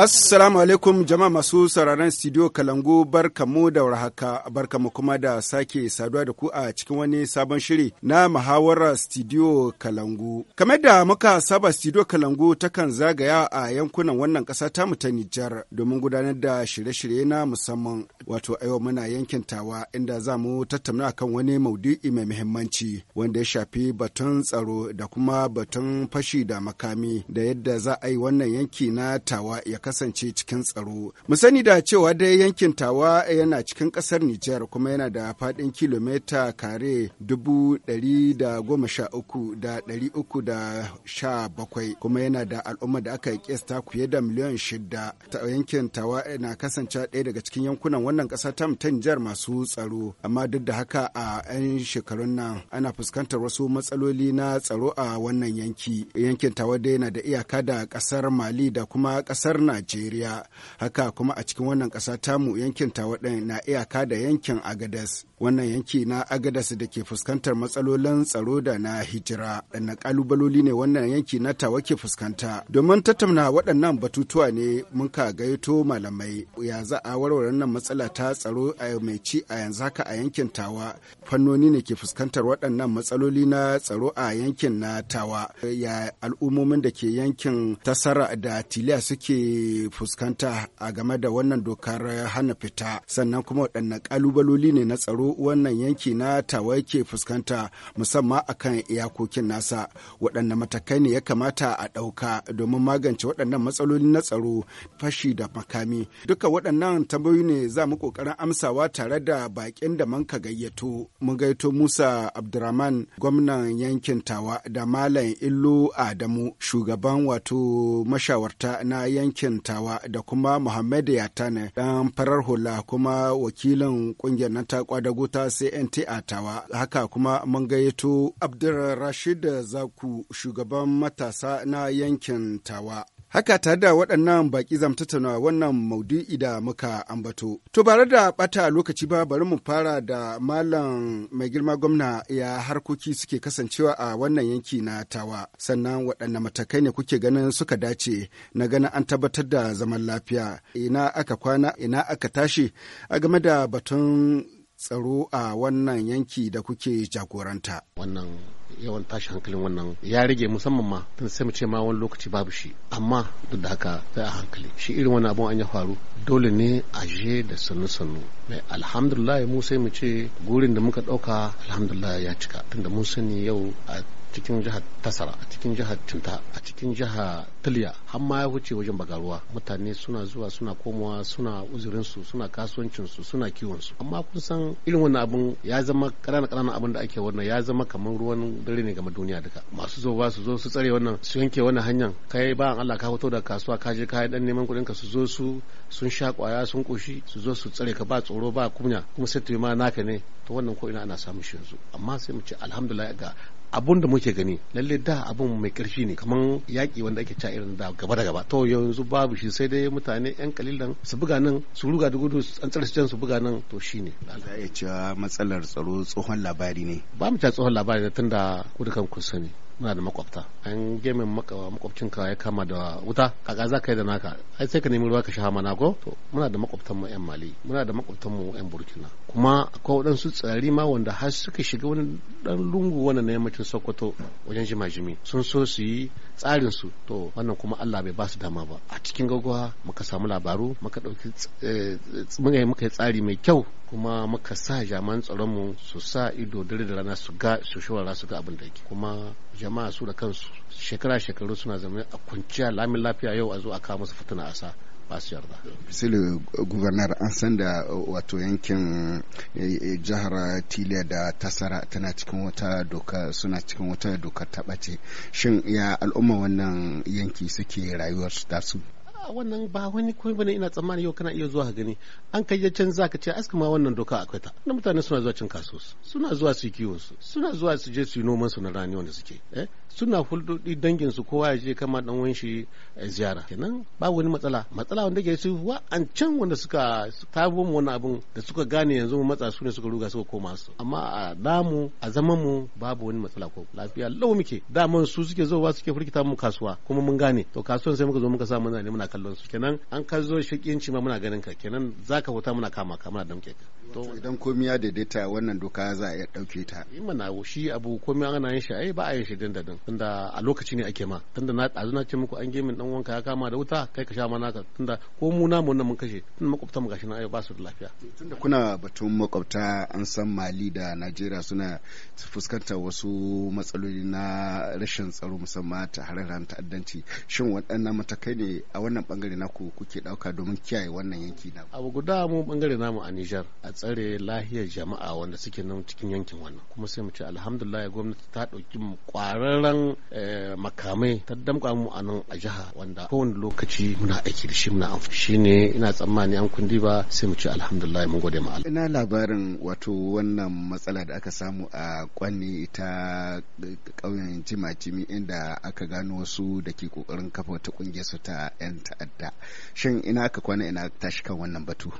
Assalamu alaikum jama'a masu sauraron studio Kalangu barkamu da warhaka barkamu kuma da sake saduwa da ku a cikin wani sabon shiri na muhawarar studio Kalangu. Kamar da muka saba studio Kalangu takan zagaya a yankunan wannan ƙasa tamu ta Nijar domin gudanar da shirye-shirye na musamman wato a yau muna yankin tawa inda za mu tattauna kan wani maudu'i mai muhimmanci wanda ya shafi batun tsaro da kuma batun fashi da makami da yadda za a yi wannan yanki na tawa ya kasance cikin tsaro. Mu sani da cewa dai yankin tawa yana cikin kasar Nijar kuma yana da faɗin kilomita kare dubu ɗari da goma sha uku da ɗari uku da sha bakwai kuma yana da al'umma da aka yi ƙesta fiye da miliyan shida. Yankin tawa na kasance ɗaya daga cikin yankunan wannan ƙasa ta tanjar masu tsaro amma duk da haka a 'yan shekarun nan ana fuskantar wasu matsaloli na tsaro a wannan yanki yankin tawa yana da iyaka da kasar mali da kuma kasar najeriya haka kuma a cikin wannan ƙasa tamu yankin tawa na iyaka da yankin agadas wannan yanki na agadas da ke fuskantar matsalolin tsaro da na hijira na kalubaloli ne wannan yanki na tawa ke fuskanta domin tattauna waɗannan batutuwa ne mun ka gaito malamai ya za a warware wannan matsala matsala ta tsaro a mai ci a yanzu haka a yankin tawa fannoni ne ke fuskantar waɗannan matsaloli na tsaro a yankin na tawa ya al'ummomin da ke yankin tasara da tiliya suke fuskanta a game da wannan dokar hana fita sannan kuma waɗannan ƙalubaloli ne na tsaro wannan yanki na tawa ke fuskanta musamman akan iyakokin nasa waɗannan matakai ne ya kamata a ɗauka domin magance waɗannan matsaloli na tsaro fashi da makami duka waɗannan tambayoyi ne za mu kokarin amsawa tare da baƙin da manka gayyato. mu gaito Musa Abdurrahman gwamnan yankin Tawa da Malam Illu Adamu shugaban wato mashawarta na yankin Tawa da kuma Muhammad Yatane dan farar hula kuma wakilin ƙungiyar na ta da ta CNT a Tawa. Haka kuma mun gayyato Abdulrashid Zaku shugaban matasa na yankin Tawa. Haka tare da waɗannan baƙi zam tattauna wannan maudu'i da muka ambato. To bare da ɓata lokaci ba bari mu fara da malam mai girma gwamna ya harkoki suke kasancewa a wannan yanki na tawa. Sannan waɗanne matakai ne kuke ganin suka dace na ganin an tabbatar da zaman lafiya. Ina aka kwana ina aka tashi a game da batun tsaro a wannan yanki da kuke jagoranta. Wannan yawan tashi hankalin wannan ya rage musamman ma tun sai mu ce ma wani lokaci babu shi amma duk da haka sai a hankali shi irin wani abun an ya faru dole ne a je da sannu sannu mai alhamdulillah mu sai mu ce gurin da muka dauka alhamdulillah ya cika tunda mun sani yau a cikin jihar tasara a cikin jihar tuta a cikin jihar tiliya har ma ya wuce wajen bagaruwa mutane suna zuwa suna komowa suna uzurinsu suna kasuwancinsu suna su amma kun san irin wannan abun ya zama ƙananan ƙananan abin da ake wannan ya zama kamar ruwan dare ne game duniya duka masu zo ba su zo su tsare wannan su yanke wannan hanyar kai ba Allah ka fito da kasuwa ka je ka dan neman kuɗin ka su zo su sun sha kwaya sun koshi su zo su tsare ka ba tsoro ba kunya kuma sai ma naka ne to wannan ko ina ana samun shi yanzu amma sai mu ce alhamdulillah ga abun da muke gani lalle da abun mai karfi ne kamar yaƙi wanda ake cewa irin da gaba da gaba to yanzu babu shi sai dai mutane yan kalilan su buga nan su ruga da gudu an su su buga nan to shine za iya cewa matsalar tsaro tsohon labari ne ba mu ta tsohon labari ne tunda kudukan kun sani muna da makwabta an gemin makwabcinka ya kama da wuta kaga za ka yi da naka ai sai ka nemi ruwa ka sha mana ko to muna da makwabtan mu yan mali muna da makwabtan mu yan burkina kuma akwai waɗansu tsari ma wanda har suka shiga wani dan lungu wani na yammacin sokoto wajen jimajimi sun so su yi tsarin su to wannan kuma Allah bai ba su dama ba a cikin gaggawa muka samu labaru muka dauki eh, eh, muka yi tsari mai kyau kuma muka sa jaman tsaronmu su sa ido dare da rana su ga su shawara su ga abin da yake kuma jama'a su da kansu shekara shekaru suna zama a kwanciya lamin lafiya yau a zo a kawo musu fitina a sa ba su yarda. Sulu gubernar an san da wato yankin eh, eh, jihar Tiliya da Tasara tana cikin wata doka suna cikin wata dokar ta ɓace. Shin ya al'umma wannan yanki suke rayuwar su? wannan ba wani kuma bane ina tsammani yau kana iya zuwa ka gani an kai can ka ce aska ma wannan doka akwai ta wani mutane suna zuwa cin kasuwa suna zuwa su kiwon su suna zuwa su je su yi noman su na rani wanda suke eh suna hulɗoɗi dangin su kowa ya je kama dan wani shi eh, ziyara kenan ba wani matsala matsala wanda ke su wa'ancan wanda suka tabo mu wani abun da suka gane yanzu mu matsa su ne suka ruga suka koma su amma a damu a zaman mu babu wani matsala ko lafiya lau muke daman su suke wa suke firkita mu kasuwa kuma mun gane to kasuwan sai muka zo muka sa muna ne muna kallon su kenan an ka zo shakiyanci ma muna ganin ka kenan zaka huta muna kama ka muna damke ka to idan komai ya daidaita wannan doka za a iya dauke ta na shi abu komai ana yin shi ai ba a yin shi dindadin tunda a lokaci ne ake ma tunda na ɗazu na ce muku an gemin dan wanka ya kama da wuta kai ka sha ma naka tunda ko mu na mun mun kashe tun makwabta mu gashi na ba su da lafiya tunda kuna batun makwabta an san Mali da Najeriya suna fuskantar wasu matsaloli na rashin tsaro musamman ta hararen ta'addanci shin waɗannan matakai ne a wannan bangare naku kuke ɗauka domin kiyaye wannan yanki na abu guda mu bangare namu a Nijar a tsare lahiyar jama'a wanda suke nan cikin yankin wannan kuma sai mu ce alhamdulillah gwamnati ta ɗauki mu ƙwararren sauran eh, makamai ta damƙa mu a nan a jiha wanda kowane lokaci muna aiki da shi muna amfani shi ne ina tsammani an kundi ba sai mu ci alhamdulillah mun gode ma Ina labarin wato wannan matsala da aka samu a kwanni ta eh, ƙauyen Jimajimi inda aka gano wasu da ke ƙoƙarin kafa wata ƙungiyar su ta 'yan ta'adda. Shin ina aka kwana ina tashi kan wannan batu?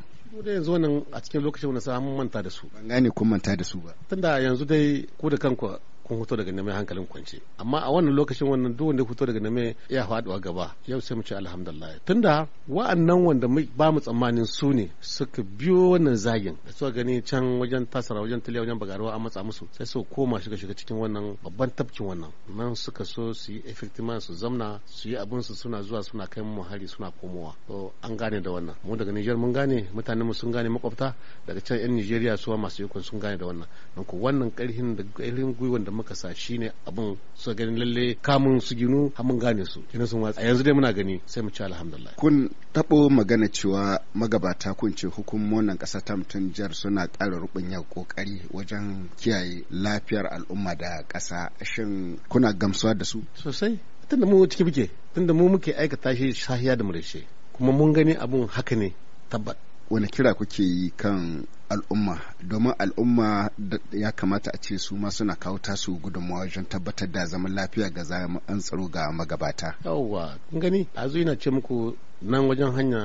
yanzu wannan a cikin lokacin wani sa mun manta da su ban gane kun manta da su ba tunda yanzu dai ku da kanku kun fito daga neme hankalin kwance amma a wannan lokacin wannan duk wanda fito daga neme ya faduwa gaba yau sai mu ce alhamdulillah tunda wa'annan wanda ba mu tsammanin su ne suka biyo wannan zagin da suka gani can wajen tasara wajen tiliya wajen bagaruwa an matsa musu sai su koma shiga shiga cikin wannan babban tafkin wannan nan suka so su yi effectivement su zamna su yi abin su suna zuwa suna kai mu hari suna komowa to an gane da wannan mu daga Niger mun gane mutanen mu sun gane makwabta daga can yan Nigeria suwa masu yukun sun gane da wannan don wannan karhin da karhin gwiwan da muka sa shine abin su ganin lalle kamun su ginu har mun gane su kina sun watsa yanzu dai muna gani sai mu ci alhamdulillah kun tabo magana cewa magabata kun ce hukumomin kasa ta mutun jar suna ƙara rubunya kokari wajen kiyaye lafiyar al'umma da kasa shin kuna gamsuwa da su sosai tunda mu ciki muke tunda mu muke aikata shi sahiya da murashe kuma mun gani abun haka ne tabbata wani kira kuke yi kan al'umma domin al'umma ya kamata a ce su ma suna kawo tasu gudunmawa wajen tabbatar da zaman lafiya ga an tsaro ga magabata yawwa kun gani a ina ce muku nan wajen hanya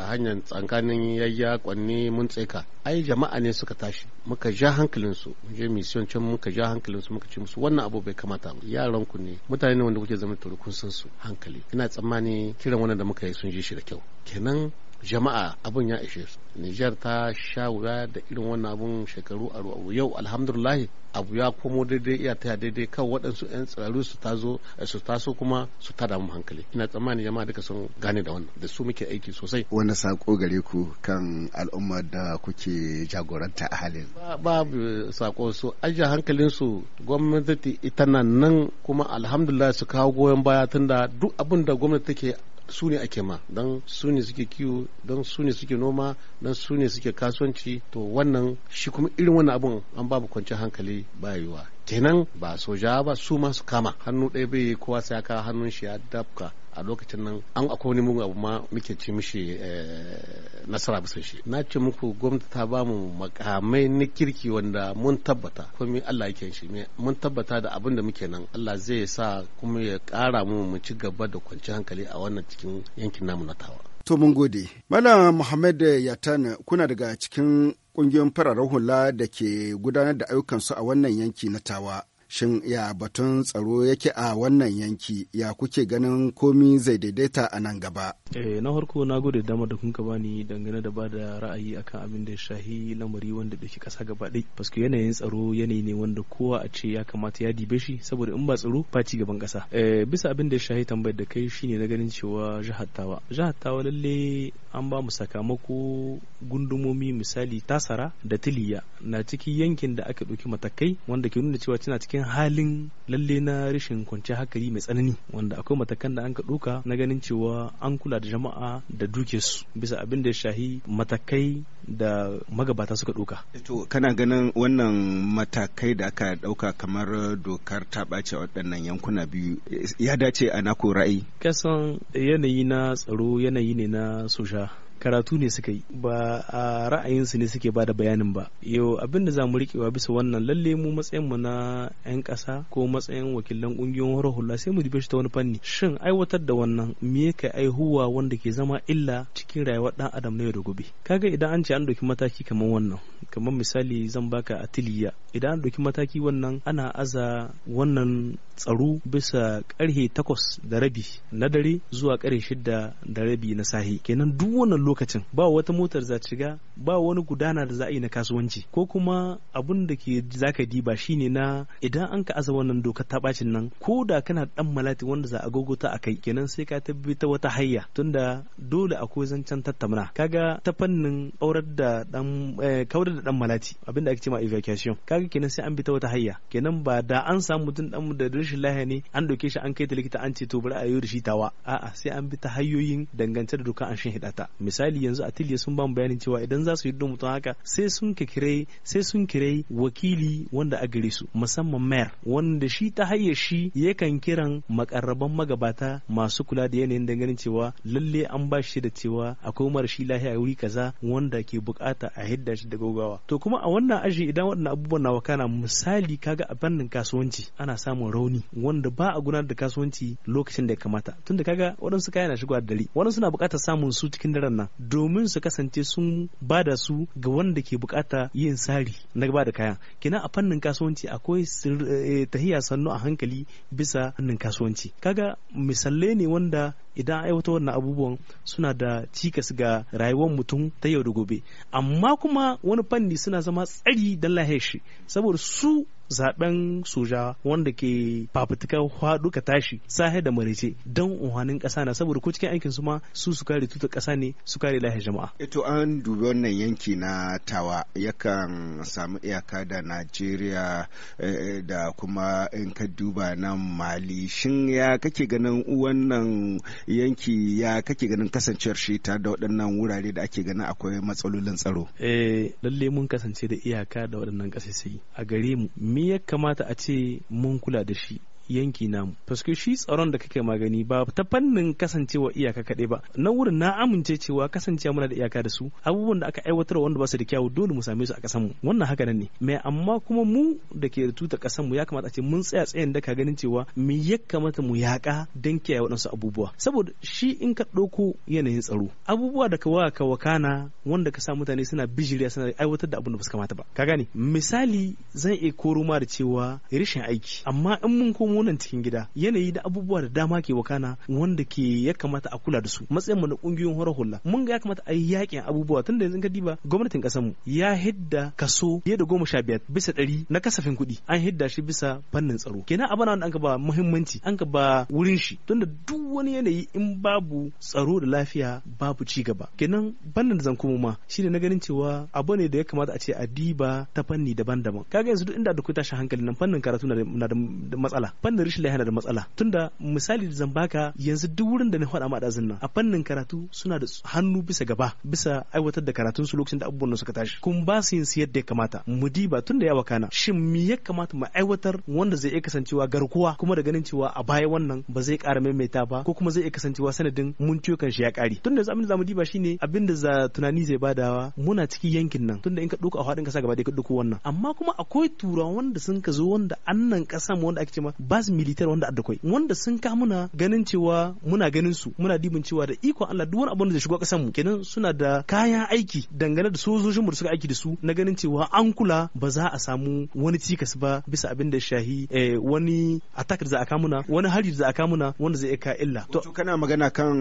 eh, hanyar tsakanin yayya kwanne mun tseka ai jama'a ne suka tashi muka ja hankalin su je mission can muka ja hankalin su muka ce musu wannan abu bai kamata ba. yaran ku ne mutane ne wanda kuke zama tare kun san su hankali ina tsammani kiran wannan da muka yi sun ji shi da kyau kenan jama'a abun ya ishe su Nijar ta sha wuya da irin wannan abun shekaru aru yau alhamdulillah abu ya komo daidai iya ta daidai kan waɗansu 'yan tsiraru su ta zo eh, su taso kuma su ta damu hankali ina tsammani jama'a duka sun gane da wannan da su muke aiki sosai wani sako gare ku kan al'umma da kuke jagoranta a halin ba sako su ajiye hankalin su gwamnati ita nan nan kuma alhamdulillah su kawo goyon baya tunda duk abin da gwamnati take su ne ake ma don su ne suke kiwo don su ne suke noma don su ne suke kasuwanci to wannan shi kuma irin wannan abun an babu kwanci hankali ba kenan ba soja ba su ma su kama hannu ɗaya bai kowa sai ya hannun shi ya dabka a lokacin nan an akwai wani mun abu ma muke ci mishi eh, nasara bisa shi na ce muku gwamnati ta ba mu makamai na kirki wanda mun tabbata komai Allah yake shi mun tabbata da abin da muke nan Allah zai sa kuma ya kara mu mu ci gaba da kwanciyar hankali a wannan cikin yankin namu na tawa To mun gode. Malam Muhammad tana kuna daga cikin kungiyoyin fararen hula da ke gudanar da ayyukansu a wannan yanki na tawa shin ya batun tsaro yake a wannan yanki ya kuke ganin komi zai daidaita a nan gaba eh na farko na gode dama da kunka bani dangane da ba da ra'ayi akan abin da shahi lamari wanda dake kasa gaba ɗai paske yanayin tsaro yanayi ne wanda kowa a ce ya kamata ya dibe shi saboda in ba tsaro ba ci gaban kasa eh, bisa abin da shahi tambayar da kai shine na ganin cewa jihar tawa jihar tawa lalle an ba mu sakamako gundumomi misali tasara da tiliya na cikin yankin da aka ɗauki matakai wanda ke nuna cewa tana cikin cikin halin lalle na rashin kwanciyar hankali mai tsanani wanda akwai matakan da an ka ɗauka na ganin cewa an kula da jama'a da duke su bisa abin da ya shahi matakai da magabata suka ɗauka. To kana ganin wannan matakai da aka ɗauka kamar dokar ta ɓace waɗannan yankuna biyu ya dace a nako ra'ayi? Kasan yanayi na tsaro yanayi ne na soja karatu ne suka yi ba a ra'ayinsu ne suke bada bayanin ba yau abin da za mu riƙewa bisa wannan lalle mu matsayin mu na 'yan ƙasa ko matsayin wakilan ƙungiyoyin horar hula sai mu dube shi ta wani fanni shin aiwatar da wannan me ka aihuwa wanda ke zama illa cikin rayuwar ɗan adam na yau da gobe kaga idan an ce an ɗauki mataki kamar wannan kamar misali zan baka atiliya idan an ɗauki mataki wannan ana aza wannan tsaro bisa karhe takwas da rabi na dare zuwa karhe shida da rabi na sahi kenan duk wannan lokacin ba wata motar za shiga ba wani gudana da za a yi na kasuwanci ko kuma abun da ke za ka diba shine na idan an ka aza wannan dokar ta bacin nan ko da kana dan malati wanda za a gogota a kai kenan sai ka ta wata hayya tunda dole akwai zancen tattamna kaga ta fannin aurar da dan kaurar da dan eh, malati abinda ake cewa evacuation kaga kenan sai an bi ta wata hayya kenan ba da an samu mutum dan da rashin rashin lahiya ne an ɗauke shi an kai ta likita an ce to bari a yi da shi tawa a'a sai an bi ta hanyoyin dangance da doka an shin hidata misali yanzu atiliya sun ba mu bayanin cewa idan za su yi mutum haka sai sun kire sai sun kire wakili wanda a gare su musamman mayor wanda shi ta hayya shi yakan kiran makarraban magabata masu kula da yanayin dangane cewa lalle an ba shi da cewa akwai mara shi lahiya wuri kaza wanda ke bukata a hidda shi da gaugawa to kuma a wannan aji idan waɗannan abubuwan na wakana misali kaga a fannin kasuwanci ana samun rauni rauni wanda ba a gudanar da kasuwanci lokacin da ya kamata tunda kaga waɗansu kaya na shigowa da dare waɗansu na buƙatar samun su cikin daren nan domin su kasance sun ba da su ga wanda ke buƙata yin sari na ba da kaya kina a fannin kasuwanci akwai eh, tahiya sannu a hankali bisa fannin kasuwanci kaga misalai ne wanda idan aiwata wannan abubuwan suna da cikas ga rayuwar mutum ta yau da gobe amma kuma wani fanni suna zama tsari don lahe saboda su zaben soja wanda ke fafutuka haɗu ka tashi sahe da marece don unhanin ƙasa na saboda ko cikin aikin su ma su su kare tutar ƙasa ne su kare lahiyar jama'a. Ito an dubi wannan yanki na tawa yakan samu iyaka da Najeriya eh, da kuma in ka duba nan Mali shin ya kake ganin wannan yanki ya kake ganin kasancewar shi ta da waɗannan wurare da ake ganin akwai matsalolin tsaro. Eh lalle mun kasance da iyaka da waɗannan ƙasashe a gare mu ni ya kamata a ce mun kula da shi yanki namu paske shi tsaron da kake magani ba ta fannin kasancewa iyaka kaɗai ba na wurin na amince cewa kasancewa muna da iyaka da su abubuwan da aka aiwatar wanda ba su da kyawu dole mu same su a kasan mu wannan haka nan ne mai amma kuma mu da ke da tuta kasan mu ya kamata a ce mun tsaya tsayin da ka ganin cewa me ya kamata mu yaƙa don kiyaye waɗansu abubuwa saboda shi in ka ɗauko yanayin tsaro abubuwa da ka waka wakana wanda ka sa mutane suna bijiriya suna aiwatar da abin da ba su kamata ba ka gane misali zan iya koro ma da cewa rashin aiki amma in mun komo mu cikin gida yanayi da abubuwa da dama ke wakana wanda ke ya kamata a kula da su matsayin mu na kungiyoyin horar hula mun ga ya kamata a yi yakin abubuwa tun da yanzu ka diba gwamnatin kasar mu ya hidda kaso fiye da goma sha biyar bisa ɗari na kasafin kuɗi an hidda shi bisa fannin tsaro kenan abana wanda an ka ba muhimmanci an ka ba wurin shi tunda duk wani yanayi in babu tsaro da lafiya babu ci gaba kenan bannin da zan kuma ma shine na ganin cewa abu ne da ya kamata a ce a diba ta fanni daban-daban kaga yanzu duk inda da ku tashi hankali nan fannin karatu na da matsala fannin rashin lafiya yana da matsala tunda misali da zan baka yanzu duk wurin da na faɗa ma ɗazin nan a fannin karatu suna da hannu bisa gaba bisa aiwatar da karatun su lokacin da abubuwan suka tashi kun ba su yin siyar da ya kamata mu diba tunda ya kana shin me ya kamata mu aiwatar wanda zai iya kasancewa garkuwa kuma da ganin cewa a baya wannan ba zai ƙara maimaita ba ko kuma zai iya kasancewa sanadin mun ciyo kan shi ya ƙare tunda abin da zamu diba shine abin da za tunani zai badawa muna cikin yankin nan tunda in ka ɗauka a faɗin ƙasa gaba da ka ɗauko wannan amma kuma akwai turawan da sun ka zo wanda annan ƙasa wanda ake ce ma bas militaire wanda adda kai wanda sun ka muna ganin cewa muna ganin su muna dibin cewa da ikon Allah duk wani abin da shigo kasan mu kenan suna da kayan aiki dangane da sojojin mu da suka aiki da su na ganin cewa an kula ba za a samu wani cikas ba bisa abin da shahi eh, wani attack da za a kamuna wani hari da za a kamuna wanda zai ka illa to kana magana kan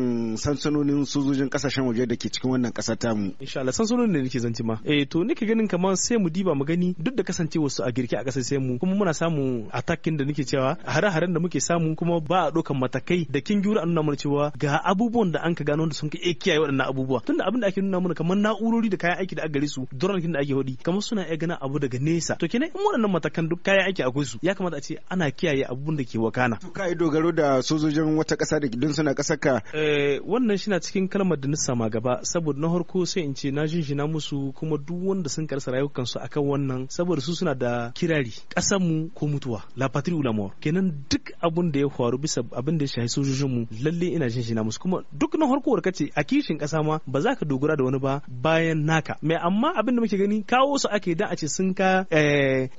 sansanonin sojojin kasashen waje da ke cikin wannan kasa mu. insha Allah sansanonin da nake zanci ma eh to nake ganin kamar sai mu diba mu gani duk da kasancewar su a girki a kasar sai mu kuma muna samun attacking da nake cewa hare-haren da muke samu kuma ba a ɗaukan matakai da kin gyura nuna mana cewa ga abubuwan da an ka gano da sun ka kiyaye waɗannan abubuwa tunda abin da ake nuna mana kamar na'urori da kayan aiki da aka gare su drone da ake hudi kamar suna iya gana abu daga nesa to kenan in waɗannan matakan duk kayan aiki akwai su ya kamata a ce ana kiyaye abubuwan da ke wakana to kai dogaro da sojojin wata ƙasa da don suna ƙasar ka eh, wannan shi na cikin kalmar da nisa ma gaba saboda na harko sai in ce na jinjina musu kuma duk wanda sun karsa rayukansu akan wannan saboda su suna da kirari ƙasar mu ko mutuwa la patrie ou la mort kenan duk abun da ya faru bisa abin da ya shahi sojojinmu lalle ina jin shi na musu kuma duk na warka ce a kishin kasa ma ba za ka dogara da wani ba bayan naka mai amma abin da muke gani kawo su ake dan a ce sun ka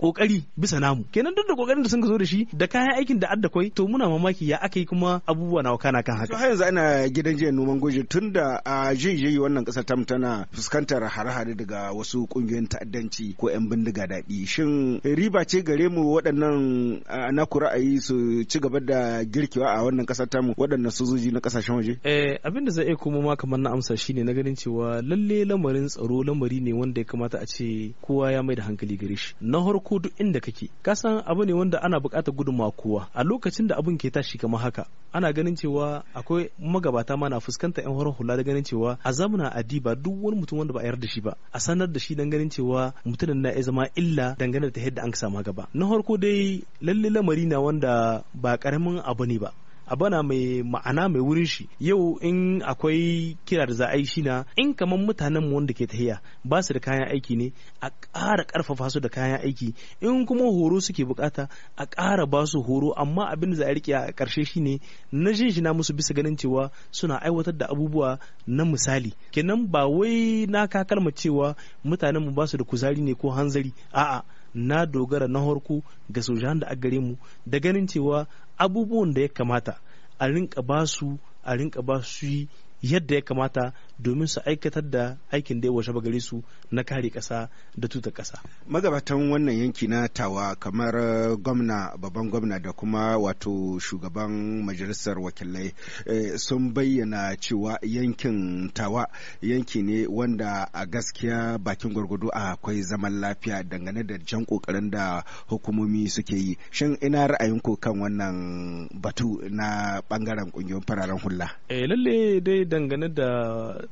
kokari eh, bisa namu kenan duk da kokarin da sun ka zo da shi da kayan aikin da adda kwai to muna mamaki ya aka yi kuma abubuwa na wakana kan haka har yanzu ana gidan jiya noman goji da a jijiyi wannan kasar tam tana fuskantar hare-hare daga wasu kungiyoyin ta'addanci ko yan bindiga daɗi shin riba ce gare mu waɗannan na ra'ayi yi su ci gaba da girkiwa a wannan kasar tamu waɗannan sojoji na kasashen waje? Eh, abin da zai iya kuma ma kamar na amsa shi ne na ganin cewa lalle lamarin tsaro lamari ne wanda ya kamata a ce kowa ya mai da hankali gare shi. Na harko duk inda kake, ka san abu ne wanda ana buƙatar gudunmawa kowa. A lokacin da abun ke tashi kamar haka, ana ganin cewa akwai magabata ma na fuskanta yan horon hula da ganin cewa a zamana ba duk wani mutum wanda ba a da shi ba a sanar da shi dan ganin cewa mutumin na ya zama illa dangane da yadda an samu gaba na harko dai lalle lamari na wanda ba karamin abu ne ba bana mai ma'ana mai wurin shi yau in akwai kira da za yi shi na in kamar mutanen mu wanda ke tahiya ba su da kayan aiki ne a ƙara ƙarfafa su da kayan aiki in kuma horo suke bukata a ƙara ba su horo amma abin da za a rike a ƙarshe shi ne na jin shi na musu bisa ganin cewa suna aiwatar da abubuwa na misali kenan ba wai na kakalma cewa mutanen mu ba su da kuzari ne ko hanzari a'a na dogara na harko ga sojan da a gare mu da ganin cewa abubuwan da ya kamata a rinka ba su a rinka ba su yadda ya kamata domin su aikatar da aikin da ya washe bagare su na kare kasa da tuta kasa. magabatan wannan yanki na tawa kamar gwamna babban gwamna da kuma wato shugaban majalisar wakilai eh, sun bayyana cewa yankin tawa yanki ne wanda a gaskiya bakin gwargwado akwai zaman lafiya dangane da jan kokarin da hukumomi suke yi shin ina ra'ayin ra'ayinku kan wannan batu na bangaren kungiyoyin fararen hula eh, lalle dai dangane da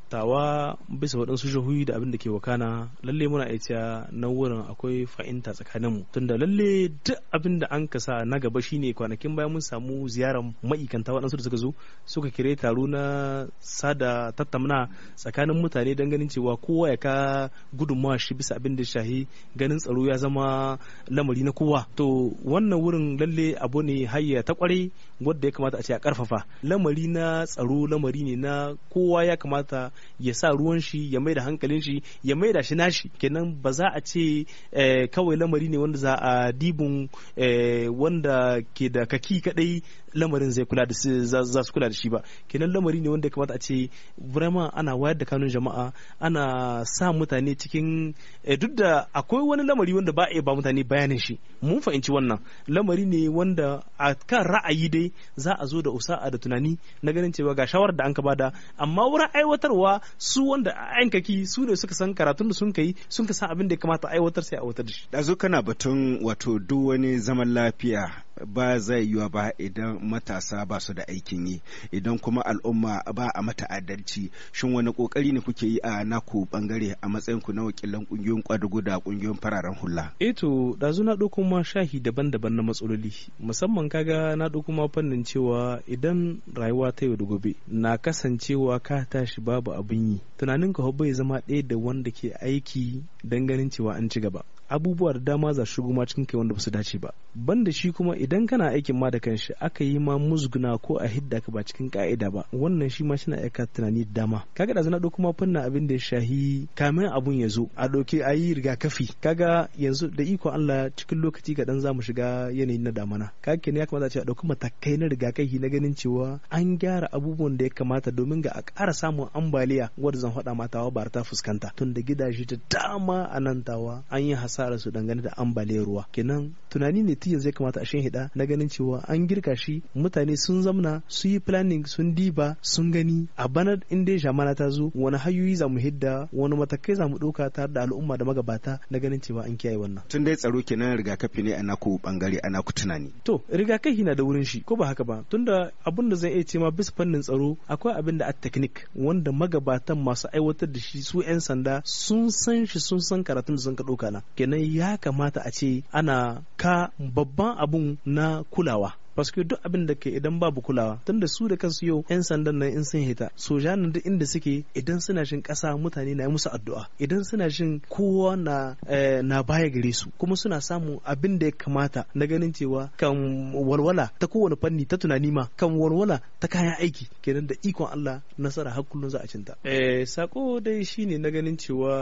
tawa bisa waɗansu jihohi da abin da ke wakana lalle muna iya cewa na wurin akwai fahimta tsakaninmu tunda lalle duk abin da an kasa na gaba shine kwanakin bayan mun samu ziyarar ma'aikanta waɗansu da suka zo suka kire taro na sada tattamna tsakanin mutane don ganin cewa kowa ya ka gudunmawa shi bisa abin da shahi ganin tsaro ya zama lamari na kowa to wannan wurin lalle abu ne hayya ta kwarai wadda ya kamata a ce a karfafa lamari na tsaro lamari ne na kowa ya kamata ya sa ruwan shi ya mai da hankalin shi ya mai da shi nashi kenan ba za a ce eh, kawai lamari ne wanda za a dibin eh, wanda ke da kaki kadai lamarin zai kula da za su kula da shi ba kenan lamari ne wanda ya kamata a ce vraiment ana wayar da kanun jama'a ana sa mutane cikin eh, duk da akwai wani lamari wanda ba a ba mutane bayanin shi mun fahimci wannan lamari ne wanda a kan ra'ayi dai za a zo da usa'a da tunani na ganin cewa ga shawarar da an ka bada amma wurin aiwatarwa su wanda a yankaki su ne suka san karatun da sun kai sun ka san abin da ya kamata aiwatar sai aiwatar da shi zo kana batun wato duk wani zaman lafiya ba zai yiwa ba idan matasa ba su da aikin yi idan kuma al'umma ba a mata adalci shin wani kokari ne kuke yi a naku bangare a matsayin ku na wakilan kungiyoyin kwadugo da kungiyoyin fararen hula eh to dazu na ɗauko ma shahi daban-daban na matsaloli musamman kaga na ɗauko ma fannin cewa idan rayuwa ta yau da gobe na kasancewa ka tashi babu abin yi tunanin ka bai zama ɗaya da wanda ke aiki dan ganin cewa an ci gaba abubuwa da dama za shigo ma cikin kai wanda ba su dace ba banda shi kuma idan kana aikin ma da kanshi aka yi ma musguna ko a hidda ka ba cikin ka'ida ba wannan shi ma shina aika tunani da dama kaga da zana kuma fanna abin da ya shahi kamin abun ya zo a ɗauki a yi rigakafi kaga yanzu da iko Allah cikin lokaci kaɗan za mu shiga yanayin na damana kaga ne ya kamata a ce a ɗauki matakai na rigakafi na ganin cewa an gyara abubuwan da ya kamata domin ga a ƙara samun ambaliya wadda zan faɗa matawa ba ta fuskanta tun da gidaje da dama a nan tawa an yi hasa asararsu dangane da ambaliyar ruwa kenan tunani ne tun yanzu ya kamata a hida na ganin cewa an girka shi mutane sun zamna su yi planning sun diba sun gani a bana in dai jamana ta zo wani hayoyi za mu hidda wani matakai za mu ɗauka tare da al'umma da magabata na ganin cewa an kiyaye wannan tun dai tsaro kenan rigakafi ne a naku bangare a naku tunani to rigakafi na da wurin shi ko ba haka ba tunda abin da zan iya ce ma bisa fannin tsaro akwai abin da a technique wanda magabatan masu aiwatar da shi su 'yan sanda sun san shi sun san karatun da sun ka ɗauka na kenan kenan ya kamata a ce ana ka babban abun na kulawa paske duk abin da ke idan babu kulawa tunda su da kansu yau yan sandan nan in sun hita sojanin duk inda suke idan suna shin kasa mutane na yi musu addu'a idan suna shin kowa na eh, na baya gare su kuma suna samun abin da ya kamata na ganin cewa kan walwala ta kowane fanni ta tunani ma kan walwala ta kayan aiki kenan da ikon Allah nasara har kullun za a cinta eh sako dai shine na ganin cewa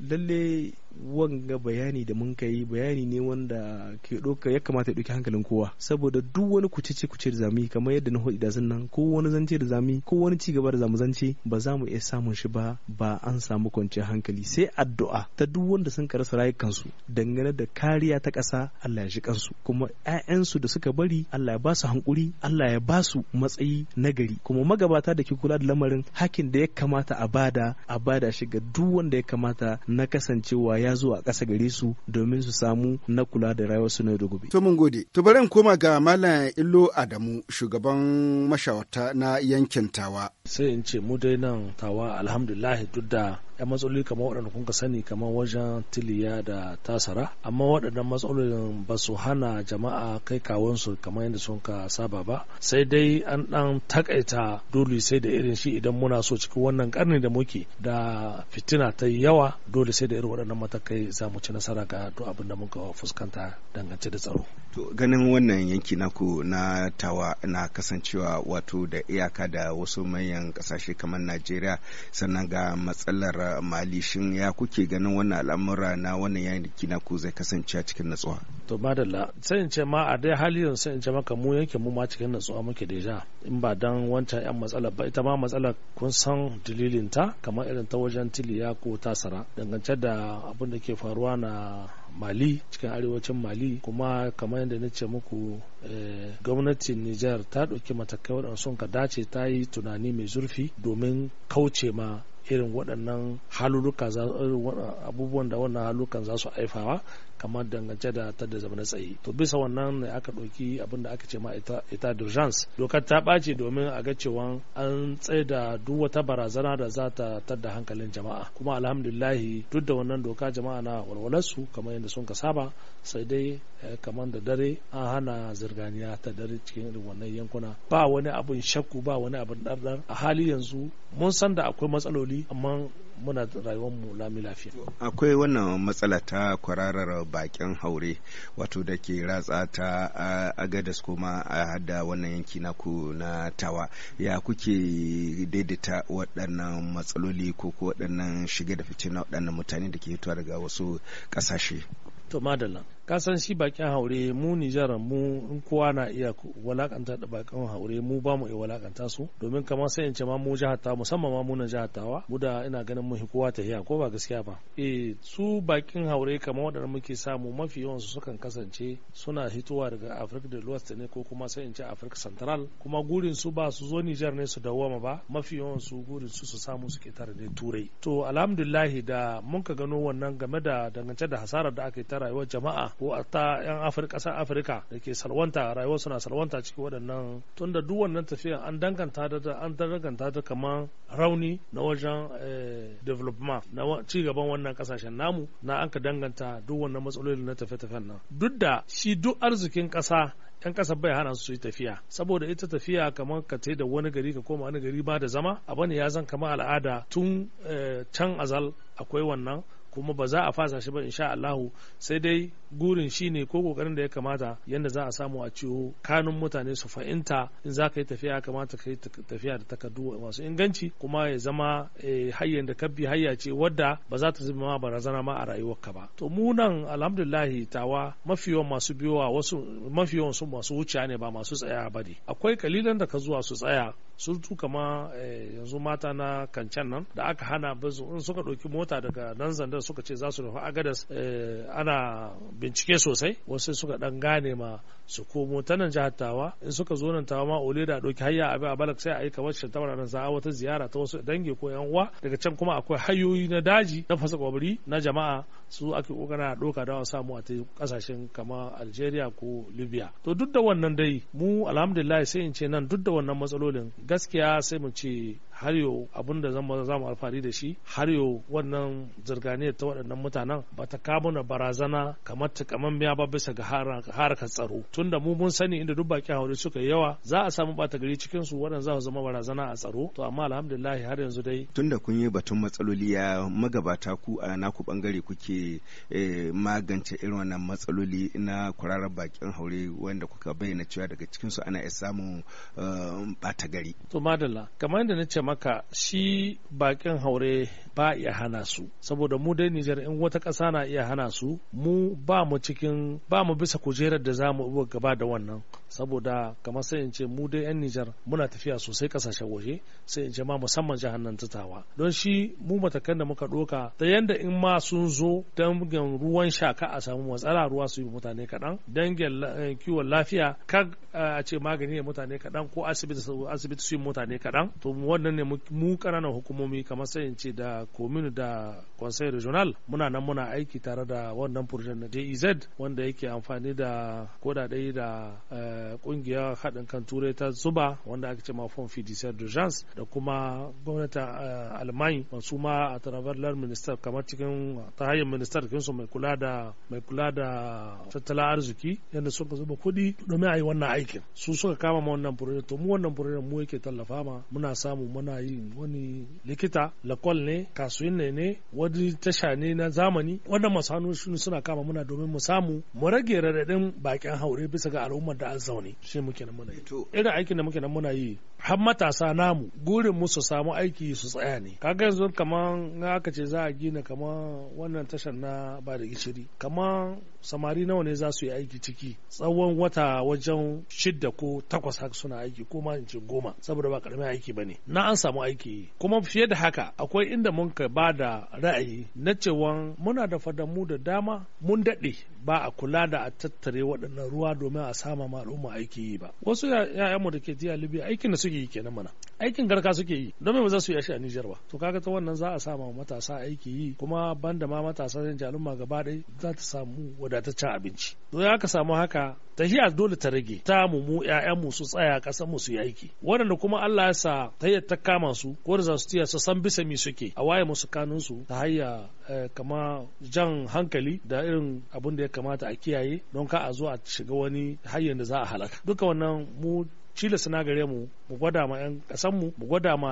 lalle wanga bayani da mun kai bayani ne wanda ke doka ya kamata ya ɗauki hankalin kowa saboda duk wani kucece kuce da zami kamar yadda na hoɗi da nan ko wani zance da zami ko wani ci gaba da zamu zance ba za mu iya samun shi ba ba an samu kwanciyar hankali sai addu'a ta duk wanda sun karasa rayukansu dangane da kariya ta ƙasa Allah ya shi kansu kuma ƴaƴansu da suka bari Allah ya ba su hankuri Allah ya ba su matsayi nagari kuma magabata da ke kula da lamarin hakin da ya kamata a bada a bada shi ga duk wanda ya kamata na kasancewa ya zo a ƙasa gare su domin su samu na kula da rayuwarsu na da gobe. To mun gode. To bari in koma ga Malam ilo Adamu shugaban mashawarta na yankin Tawa. Sai in ce mu dai nan Tawa alhamdulillah duk da 'yan matsaloli kamar waɗanda kun ka sani kamar wajen tiliya da tasara amma waɗannan matsalolin ba su hana jama'a kai kawunsu kamar yadda sun ka saba ba sai dai an ɗan takaita dole sai da irin shi idan muna so cikin wannan ƙarni da muke da fitina ta yawa dole sai da irin waɗannan matakai za mu ci nasara ga duk abin da muka fuskanta dangance da tsaro. To ganin wannan yanki naku na tawa na kasancewa wato da iyaka da wasu manyan kasashe kamar Najeriya sannan ga matsalar mali shin ya kuke ganin wannan al'amura na wannan yanki na ku zai kasance a cikin natsuwa to madalla sai in ce ma a dai hali yanzu sai in ce maka mu yanke mu ma cikin natsuwa muke deja in ba dan wancan yan matsalar ba ita ma matsalar kun san dalilin ta kamar irin ta wajen tiliya ko tasara dangance da abin da ke faruwa na mali cikin arewacin mali kuma kamar yadda na ce muku eh, gwamnatin niger ta ɗauki matakai waɗansu ka dace ta yi tunani mai zurfi domin kauce ma irin waɗannan haluluka abubuwan da wannan halukan za su haifawa kamar dangance da ta da zama tsaye to bisa wannan ne aka ɗauki abin da aka ce ma ita d'urgence dokar ta ɓace domin a ga cewa an tsaye da duk wata barazana da za ta tadda hankalin jama'a kuma alhamdulillahi duk da wannan doka jama'a na walwalarsu kamar yadda sun ka saba sai dai eh, kamar da dare an hana zirganiya ta dare cikin irin wannan yankuna ba wani abin shakku ba wani abin ɗarɗar a hali yanzu mun san da akwai matsaloli amma muna rayuwar mu lami lafiya akwai wannan matsala ta kwararar bakin haure wato da ke ratsa ta agadas kuma a hada wannan yanki ku na tawa ya kuke daidaita waɗannan matsaloli ko waɗannan shiga da fice na waɗannan mutane da ke fitowa daga wasu ƙasashe to madalla kasan shi bakin haure mu nijar mu in kowa na iya walakanta da bakin haure mu ba mu iya walakanta su domin kamar sai in ce ma mu jihar ta musamman ma mu na jihar tawa mu da ina ganin mun kowa ta hiya ko ba gaskiya ba eh su bakin haure kamar waɗanda muke samu mafi yawan su sukan kasance suna hitowa daga Afirka da Luwas ne ko kuma sai in ce Afirka Central kuma gurin su ba su zo Nijar ne su ma ba mafi yawan su gurin su su samu suke tare da turai to alhamdulillah da mun ka gano wannan game da dangance da hasarar da aka yi ta rayuwar jama'a ko a ta 'yan kasar afirka da ke salwanta rayuwar suna salwanta cikin waɗannan tun da duk wannan tafiya an danganta ta an danganta ta kamar rauni na wajen eh, development na ci gaban wannan kasashen namu na an ka danganta duk wannan matsaloli na tafiye-tafiyen nan duk da shi duk arzikin ƙasa 'yan ƙasa bai hana su yi tafiya saboda ita tafiya kamar ka tai da wani gari ka koma wani gari ba da zama abu ne ya zan kama al'ada tun eh, can azal akwai wannan kuma ba za a fasa shi ba insha Allahu sai dai gurin shi ne ko kokarin da ya kamata yadda za a samu a ciwo kanun mutane su fahimta in za ka yi tafiya kamata ka yi tafiya da takardu masu inganci kuma ya zama eh, hayyan da kabbi hayya ce wadda ba za ta zama ma barazana ma a rayuwarka ba to mu nan alhamdulillah tawa mafi yawan masu biyowa wasu mafi yawan su masu wuciya ne ba masu tsaya ba ne akwai kalilan da ka zuwa su tsaya sun tuka ma eh, yanzu mata na kancan nan da aka hana bazu in suka ɗauki mota daga nan zandar suka ce za su nufi agadas eh, ana bincike sosai wasu suka ɗan gane ma su komo ta nan jihar tawa in suka zo nan tawa ma ole da ɗauki hayya abin a balak sai a yi kamar shantamar nan za'a wata ziyara ta wasu dangi ko yan uwa daga can kuma akwai hayoyi na daji na fasa kwabari na jama'a su ake kokana ɗauka da samu a ta kasashen kama algeria ko libya to duk da wannan dai mu alhamdulillah sai in ce nan duk da wannan matsalolin gaskiya sai mu ce har yau abin da zama za mu alfahari da shi har yau wannan zirganiyar ta waɗannan mutanen ba ta kamuna barazana kamar ta miya ba bisa ga harkar tsaro tunda mu mun sani inda duk bakin haure suka yi yawa za a samu bata gari cikin su waɗanda za su zama barazana a tsaro to amma alhamdulillah har yanzu dai tunda kun yi batun matsaloli ya magabata ku a naku bangare kuke eh, magance irin wannan matsaloli na kurarar bakin haure wanda kuka bayyana cewa daga cikin su ana iya samun bata eh, gari to madalla kamar yadda na ce maka shi bakin haure ba iya hana su saboda mu dai Nijar in wata ƙasa na iya hana su mu ba mu cikin ba mu bisa kujerar da za mu gaba da wannan saboda kamar sai in ce mu dai 'yan Nijar muna tafiya sosai kasashen waje sai in ce ma musamman jihar nan ta tawa don shi mu matakan da muka doka ta yanda in ma sun zo dangin ruwan shaka a samu matsala ruwa su yi mutane kaɗan dangin eh, kiwon lafiya kar eh, a ce magani ya mutane kaɗan ko asibiti su yi mutane kaɗan to wannan ne mu ƙananan hukumomi kamar sai in ce da kominu da conseil regional muna nan muna aiki tare da wannan projet na JEZ wanda yake amfani da kodadai da eh, ƙungiyar haɗin kan turai ta zuba wanda ake ce ma fond fiduciaire d'urgence da kuma gwamnatin eh, alman masu ma a traveler minister kamar cikin ta hanyar minister kinsu mai kula da mai kula da tattalin arziki yadda suka zuba kuɗi domin a yi wannan aikin su suka kama ma wannan projet to mu wannan projet mu yake tallafa ma muna samu muna yi wani likita lakol ne kasuwanne ne wani tasha ne na zamani wanda masu hannu suna kama muna domin mu samu mu rage raɗaɗin bakin haure bisa ga al'ummar da an zaune shi muke nan muna yi irin aikin da muke nan muna yi har matasa namu gurin mu su samu aiki su tsaya ne kaga yanzu kaman aka ce za a gina kaman wannan tashar na ba da gishiri kaman samari nawa ne za su yi aiki ciki tsawon wata wajen shidda ko takwas haka suna aiki ko ma in ce goma saboda ba karamin aiki ba ne na an samu aiki kuma fiye da haka akwai inda mun ka ba da ra'ayi na cewa muna da fadamu da dama mun daɗe ba a kula da a tattare waɗannan ruwa domin a sama ma al'umma aiki ba wasu 'ya'yanmu da ke jiya libya aikin da suke yi kenan mana aikin garka suke yi don me ba za su yi shi a Niger ba to kaga ta wannan za a sa ma matasa aiki yi kuma banda ma matasa zan jalumma gaba ɗaya za ta samu wadataccen abinci to ya ka samu haka tahiya dole ta rage ta mu mu ƴaƴan mu su tsaya ƙasar mu su yi aiki waɗanda kuma Allah ya sa tayyar ta kama su ko da za su tiya su san bisa mi suke a waye musu kanun su ta hayya eh, kama jan hankali da irin abin da ya kamata a kiyaye don ka a zo a shiga wani hanyar da za a halaka duka wannan mu da suna gare mu mu gwada ma 'yan kasanmu mu gwada ma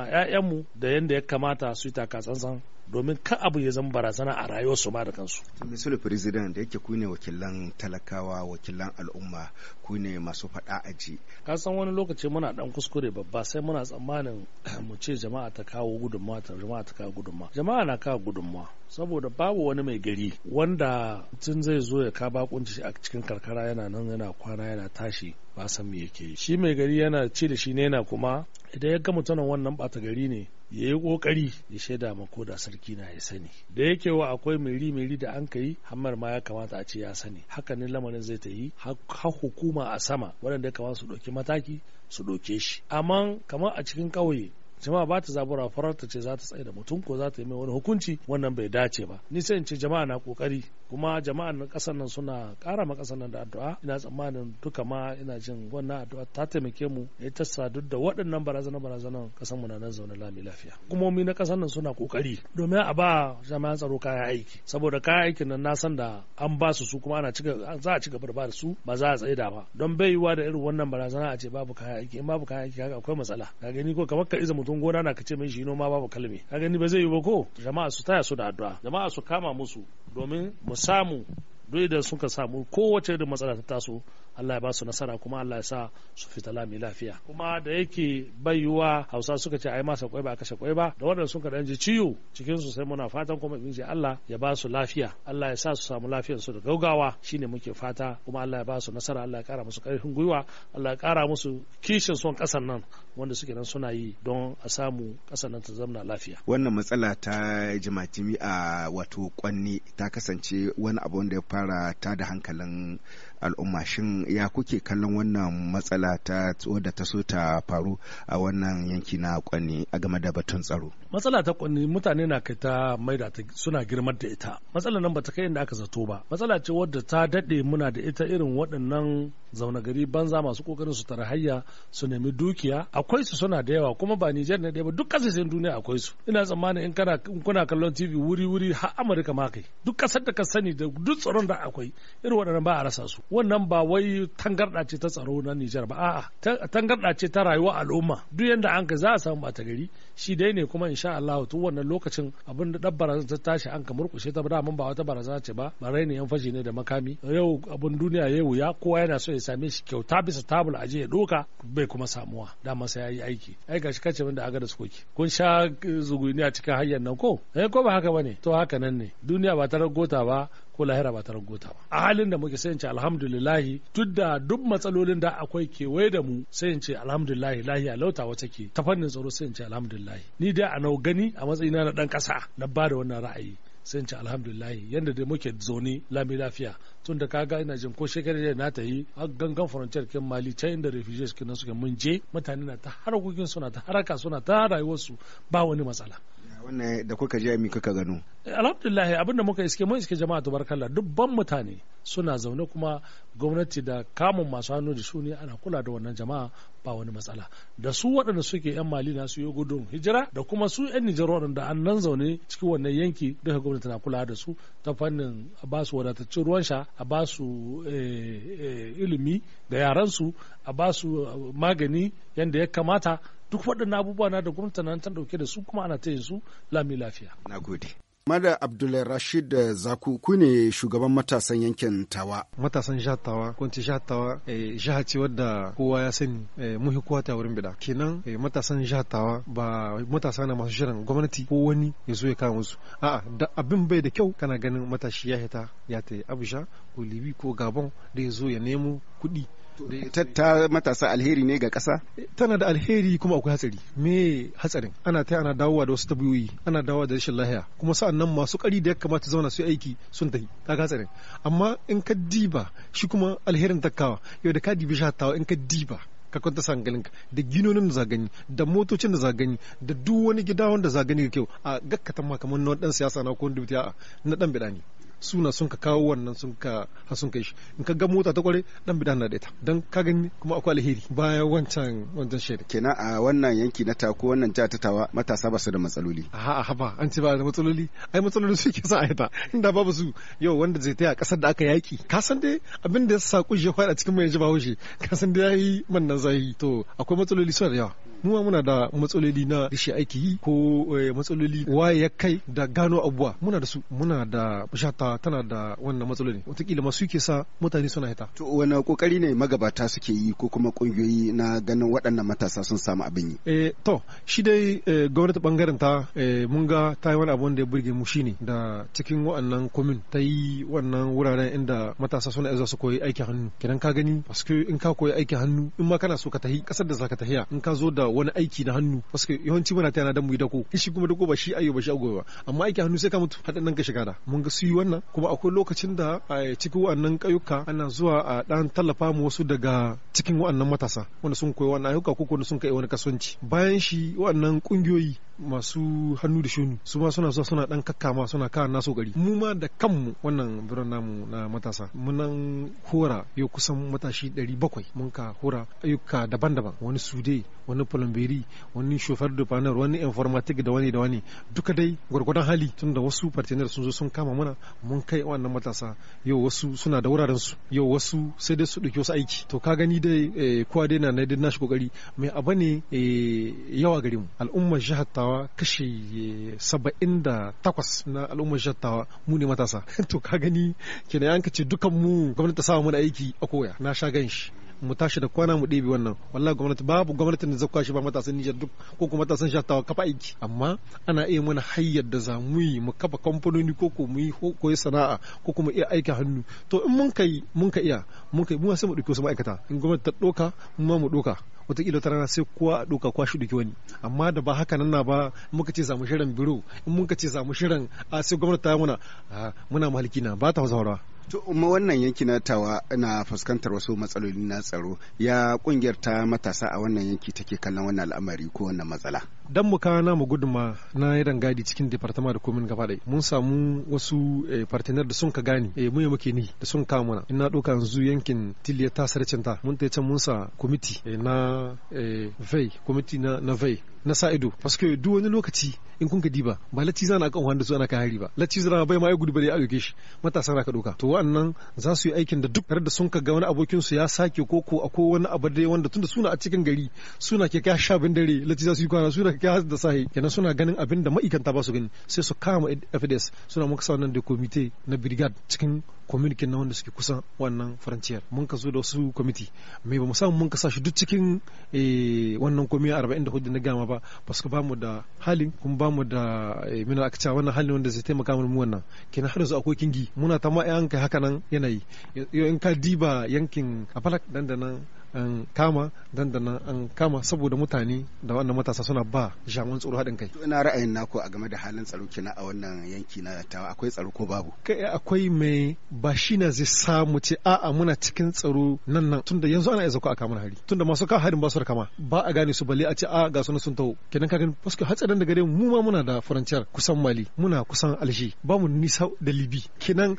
mu da yadda ya kamata su yi takatsantsan domin ka abu ya zama barazana a rayuwar su ma da kansu. Misali President da yake ku ne wakilan talakawa wakilan al'umma ku ne masu faɗa aji. Ka san wani lokaci muna ɗan kuskure babba sai muna tsammanin mu ce jama'a ta kawo gudunmawa ta jama'a ta kawo gudunmawa. Jama'a na kawo gudunmawa saboda babu wani mai gari wanda tun zai zo ya ka bakunci a cikin karkara yana nan yana kwana yana tashi ba san me yake shi mai gari yana ce da shi ne yana kuma idan ya ga mutumin wannan bata gari ne ya yi kokari ya shaida ma ko da sarki na ya sani da yake wa akwai miri miri da an kai hammar ma ya kamata a ce ya sani haka ne lamarin zai ta yi har hukuma a sama waɗanda ya kamata su ɗauki mataki su ɗauke shi amma kamar a cikin ƙauye jama'a ba ta zabura farar ta ce za ta tsaye da mutum ko za ta yi mai wani hukunci wannan bai dace ba ni sai in ce jama'a na kokari kuma jama'an kasar nan suna kara ma kasar nan da addu'a ina tsammanin duka ma ina jin wannan addu'a ta taimake mu ta sadu da waɗannan barazana barazanan kasar mu na nan zaune lami lafiya hukumomi na kasar nan suna kokari domin a ba jami'an tsaro kayan aiki saboda kayan aikin nan na san da an ba su su kuma ana cika za a ci gaba da su ba za a tsaida ba don bai yiwa da irin wannan barazana a ce babu kayan aiki in babu kayan aiki haka akwai matsala ka gani ko kamar ka iza mutum gona na ka ce mai shi noma babu kalmi ka gani ba zai yi ba ko jama'a su taya su da addu'a jama'a su kama musu domin mu samu duk da suka samu kowace da matsala ta taso Allah ya ba su nasara kuma Allah ya sa su fita lami lafiya kuma da yake baiwa Hausa suka ce a ai masa kwai ba kashe kwai ba da waɗanda sun kaɗan ji ciwo cikin su sai muna fatan kuma in Allah ya ba su lafiya Allah ya sa su samu lafiyar su da gaugawa shine muke fata kuma Allah ya ba su nasara Allah ya kara musu ƙarfin gwiwa Allah ya kara musu kishin son ƙasan nan wanda suke nan suna yi don a samu ƙasan nan ta zamna lafiya wannan matsala ta jimatimi a wato kwanni ta kasance wani abu wanda ya fara ta da hankalin al'umma shin ya kuke kallon wannan matsala ta wadda ta so ta faru a wannan yanki na kwanne a game da batun tsaro matsala ta kwanne mutane na kai ta maida ta suna girmar da ita matsala nan bata kai inda aka zato ba matsala ce wadda ta dade muna da ita irin waɗannan zaune gari banza masu kokarin su tara hayya su nemi dukiya akwai su suna da yawa kuma ba Nijar ne ba duk kasashen duniya akwai su ina tsammanin in kana kuna kallon TV wuri wuri har Amurka ma kai duk kasar da ka sani da duk tsaron da akwai irin waɗannan ba a rasa su wannan ba wai tangarɗa ce ta tsaro na Nijar ba a'a tangarɗa ce ta rayuwa al'umma duk yanda an ka za a samu bata gari shi dai ne kuma insha Allah tun wannan lokacin abin da dabbar ta tashi an ka murkushe ta mun ba wata baraza ce ba Ba raini yan fashi ne da makami yau abin duniya yayi wuya kowa yana so ya same shi kyauta bisa tabul aje ya doka bai kuma samuwa dama sai yayi aiki ai gashi kace min da aga da sukoki kun sha zuguniya cikin hanyar nan ko eh ko ba haka bane to haka nan ne duniya ba ta ragota ba ko lahira ba ta ragota ba a halin da muke sai in ce alhamdulillahi duk da duk matsalolin da akwai kewaye da mu sai in ce alhamdulillahi lahiya lauta wata ke ta fannin tsaro sai in ce alhamdulillahi ni dai a nau gani a matsayina na dan kasa na ba da wannan ra'ayi sai in ce alhamdulillahi yadda dai muke zaune lami lafiya tun da kaga ina jin ko shekarar da na ta yi gangan frontier kin mali can inda refugees kin suke mun je mutane na ta harakokin suna ta haraka suna ta rayuwarsu ba wani matsala wannan da kuka je mi kuka gano alhamdulillah abinda muka iske mun iske jama'a tabarakallah dubban mutane suna zaune kuma gwamnati da kamun masu hannu da su ne ana kula da wannan jama'a ba wani matsala da su waɗanda suke yan mali na su yi gudun hijira da kuma su yan nijar waɗanda an nan zaune cikin wannan yanki duka gwamnati na kula da su ta fannin a ba su wadataccen ruwan sha a ba su eh, eh, ilimi da yaransu a ba su eh, magani yadda ya kamata duk waɗannan abubuwa na da gwamnati na ta ɗauke da su kuma ana ta yin su lami lafiya. Na gode. Mada Abdullahi Rashid eh, Zaku ku ne shugaban matasan yankin Tawa. Matasan jihar Tawa, kwanci jihar Tawa eh, jiha ce wadda kowa ya sani eh, muhi kowa ta wurin bida. Kenan matasan jihar Tawa ba matasa na masu shirin gwamnati ko wani ya zo ya kama musu A'a da abin bai da kyau kana ganin matashi ya hita ya ta Abuja ko Libi ko Gabon da ya zo ya nemo kuɗi. Eh, ta matasa alheri ne ga ƙasa? tana da alheri kuma akwai hatsari me hatsarin ana ta ana dawowa da wasu tabiyoyi ana dawowa da rashin lahiya kuma sa'an nan masu ƙari da ya kamata zauna su aiki sun tafi ka hatsarin amma in ka diba shi kuma alherin takawa yau da ka dibi shi hattawa in ka diba ka kwanta sa ka da ginonin da gani da motocin da gani da duk wani gida wanda gani da kyau a gakkatan ma kamar na dan siyasa na ko wanda a na dan bidani suna sun ka kawo wannan sun ka sun kai shi in ka ga mota ta kware dan bidan na da ita dan ka gani kuma akwai alheri baya wancan wancan shaida kenan a wannan yanki na ko wannan jihar ta tawa matasa ba su da matsaloli a a ba an ce ba da matsaloli ai matsaloli ke sa a ta inda babu su yau wanda zai taya kasar da aka yaki ka san dai abin da ya sa kushe fara cikin mai ji ba haushi ka san dai yayi man nan zai to akwai matsaloli suna da yawa mu muna da matsaloli na rishe aiki ko eh, matsaloli waye ya kai da gano abuwa muna da su muna da bishata tana da wannan matsaloli watakila masu ke sa mutane suna hita. to wani kokari ne magabata suke yi ko kuma kungiyoyi na ganin waɗannan matasa sun samu abin yi. eh to shi dai eh, gwamnati bangaren ta eh, mun ga ta yi wani abu da ya burge mu shine da cikin waɗannan komin ta yi wannan wuraren inda matasa suna iya su koyi aikin hannu kenan ka gani paske in ka koyi aikin hannu in ma kana so ka tahi kasar da za ka tahiya in ka zo da wani aiki na hannu parce que yawanci muna tana da mu yi dako shi kuma dako ba shi ayo ba shi agogo ba amma aiki hannu sai ka mutu haɗin nan ka shiga da mun ga su yi wannan kuma akwai lokacin da a cikin wa'annan ƙauyuka ana zuwa a dan tallafa mu wasu daga cikin wa'annan matasa wanda sun koyi wannan ayyuka ko kuma sun kai wani kasuwanci bayan shi wa'annan ƙungiyoyi masu hannu da shuni su ma suna suna dan kakkama suna kawo nasu gari mu ma da kanmu wannan biran namu na matasa munan hora yau kusan matashi 700 mun ka hora ayyuka daban-daban wani sude wani plumbery wani shofar dufanar wani informatic da wani da wani duka dai gwargwadon hali tun da wasu partner sun zo sun kama mana mun kai wannan matasa yau wasu suna da wuraren su yau wasu sai dai su dauki wasu aiki to ka gani dai eh, kowa dai na na dai nashi kokari mai abane ne eh, yawa gare mu al'ummar jihar ta jattawa kashi saba'in da takwas na al'ummar jattawa mu ne matasa to ka gani kenan an ka ce dukan mu gwamnati ta samu mana aiki a koya na sha ganshi. mu tashi da kwana mu ɗebe wannan wallahi gwamnati babu gwamnatin da zakwashi shi ba matasan Nijar duk ko kuma matasan shatawa kafa aiki amma ana iya mana hayyar da za mu yi mu kafa kamfanoni ko ko mu yi koyi sana'a ko kuma iya aiki hannu to in mun kai mun ka iya mun kai mu sai mu ɗauki wasu ma'aikata in gwamnati ta ɗoka mu ma mu ɗoka wataƙila ta rana sai kowa a ɗauka kwashi ɗauki wani amma da ba haka nan na ba muka ce za mu shirin biro in muka ce za mu shirin a sai gwamnati ta yi muna muna mahalki na ba ta hausa To umma wannan yanki na tawa na fuskantar wasu matsaloli na tsaro ya kungiyar ta matasa a wannan yanki take kallon wannan al'amari ko wannan matsala. Dan muka na mu guduma na yi gadi cikin departama da komin gaba dai mun samu wasu eh, partner da sun ka gane eh mu muke ni da sun kawo mana ina doka yanzu yankin tiliya ta sarcinta mun ta can mun sa kwamiti eh, na eh, vei kwamiti na vei na sa ido parce que duk wani lokaci in kun ka diba ba lacci zana kan wanda su ana kai hari ba lacci zana bai ma ya gudu bare a doke shi matasa na ka doka to wannan za su yi aikin da duk da sun ka ga wani abokin su ya sake ko ko akwai wani abu dai wanda tunda suna a cikin gari suna ke kai sha dare lacci za su yi kwana suna ke kai da sahi kenan suna ganin abin da ma'aikanta ba su gani sai su kama FDS suna muka sa wannan da komite na brigade cikin kwamitin na wanda suke kusa wannan frontier mun ka zo da wasu kwamiti mai ba mu samu mun ka sa shi duk cikin eh, wannan kwamiya 44 na gama ba ba su ba mu da halin kuma ba mu da eh, mina aka cewa wannan hali wanda zai taimaka mu wannan kenan har yanzu akwai kingi muna ta ma an kai haka nan yanayi in ka diba yankin afalak dan an kama dandana an kama saboda mutane da wannan matasa suna ba jaman tsaro haɗin kai. Ina ra'ayin naku a game da halin tsaro kina a wannan yanki na tawa akwai tsaro ko babu? Kai akwai mai ba shi na zai samu ce a'a muna cikin tsaro nan nan tunda yanzu ana iya ko a kamar hari tunda masu ka harin ba su kama ba a gane su balle a ce a ga na sun taho kenan ka gani paske hatsarin da gare mu ma muna da faranciyar kusan Mali muna kusan Alji ba mu nisa da Libi kenan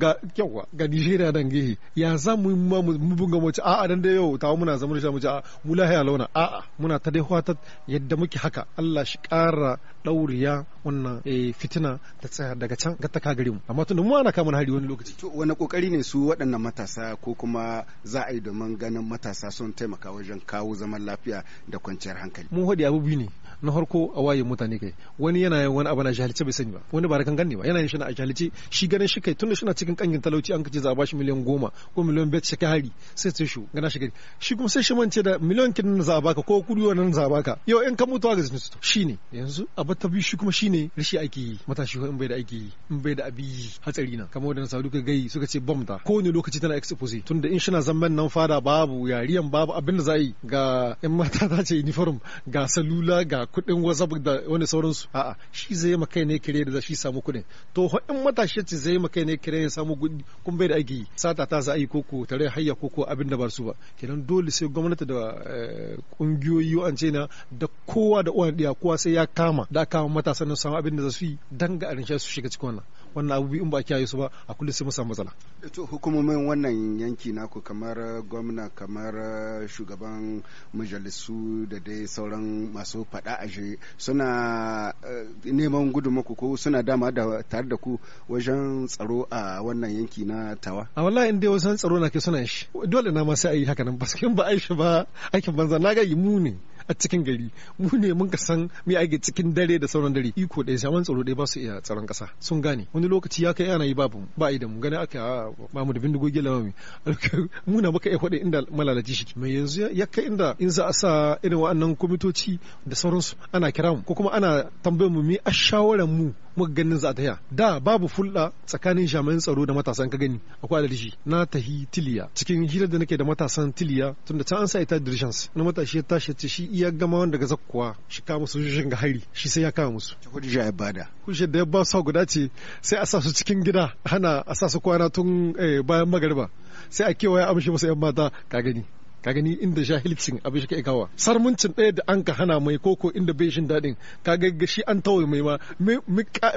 ga yawa ga Nigeria dan gehe ya za mu mu bunga mu ce a'a dan da yau ta muna zama da mu a mu lahiya launa a'a muna ta dai hwatar yadda muke haka Allah shi ƙara ɗauriya wannan eh, fitina ta tsaya daga can ga ta gare mu amma tunda mu ana kama hari wani lokaci to wani kokari ne su waɗannan matasa ko kuma za a yi domin ganin matasa sun taimaka wajen kawo zaman lafiya da kwanciyar hankali mu hodi biyu ne na harko a waye mutane kai wani yana yin wani abu na jahilci bai sani ba wani ba da kan gani ba yana yin shi na jahilci shi ganin shi kai tunda shi na cikin kangin talauci an kace za a bashi miliyan goma ko miliyan bet shi hari sai ta shi gana shi gari shi kuma sai shi mance da miliyan kin za a baka ko kudi wannan za a baka yau in ka mutuwa ga zinu shi ne yanzu abu ta biyu shi kuma shi ne rashi aiki yi matashi in bai da aiki yi in bai da abi yi hatsari na kamar wadanda sa ka gai suka ce bom ta kowane lokaci tana expose tunda in shi na zamban nan fada babu yariyan babu abin da za a yi ga yan mata ta ce uniform ga salula ga kuɗin wasa da wani sauransu a'a shi zai yi kai ne kire da shi samu kuɗin to in matashi ce zai yi kai ne kire ya samu kuɗi kun bai da aiki sata ta za'a yi koko tare hayya koko abin da ba su ba kenan dole sai gwamnati da eh, kungiyoyi an ce na da kowa da uwan diya kowa sai ya kama da kama matasan nan samu abin da za su yi dan ga su shiga cikin wannan wannan abubuwa in ba a kiyaye su ba a kullum sai mu samu matsala to hukumomin wannan yanki naku kamar gwamna kamar shugaban majalisu da dai sauran masu faɗa aje suna eh, neman gudunmaku ko suna dama da tare da ku wajen tsaro a wannan yanki na tawa a wallahi in dai wasan tsaro na ke suna shi dole na ma sai a yi haka nan ba ba a yi shi ba aikin banza na ga yi mu ne a cikin gari mu ne mun ka san me ake cikin dare da sauran dare iko ɗaya zaman tsaro ɗaya ba su iya tsaron ƙasa sun gane wani lokaci ya kai ana yi babu ba idan mu gani aka ah, ba mu da bindigogi lamami mu na muka iya faɗi inda malalaci shi mai yanzu ya kai inda in za a sa irin wa'annan kwamitoci da sauransu ana kira mu ko kuma ana tambayar mu me a shawaran mu muka ganin za a tahiya da babu fulɗa tsakanin jami'an tsaro da matasan ka gani akwai alarji na tahi tiliya cikin hirar da nake da matasan tiliya tun da can an sa ita dirishans na matashi ya tashi ce shi iya gama wanda ga zakkuwa shi kama musu shin ga hari shi sai ya kama musu hujja ya bada hujja da ya ba su guda ce sai a sa su cikin gida hana a sa su kwana tun eh, bayan magariba sai a kewaye amshi musu yan mata ka gani ka gani inda jahilcin abin shi ka ikawa sarmuncin ɗaya da an ka hana mai koko inda bai shin daɗin ka ga shi an tawaye mai ma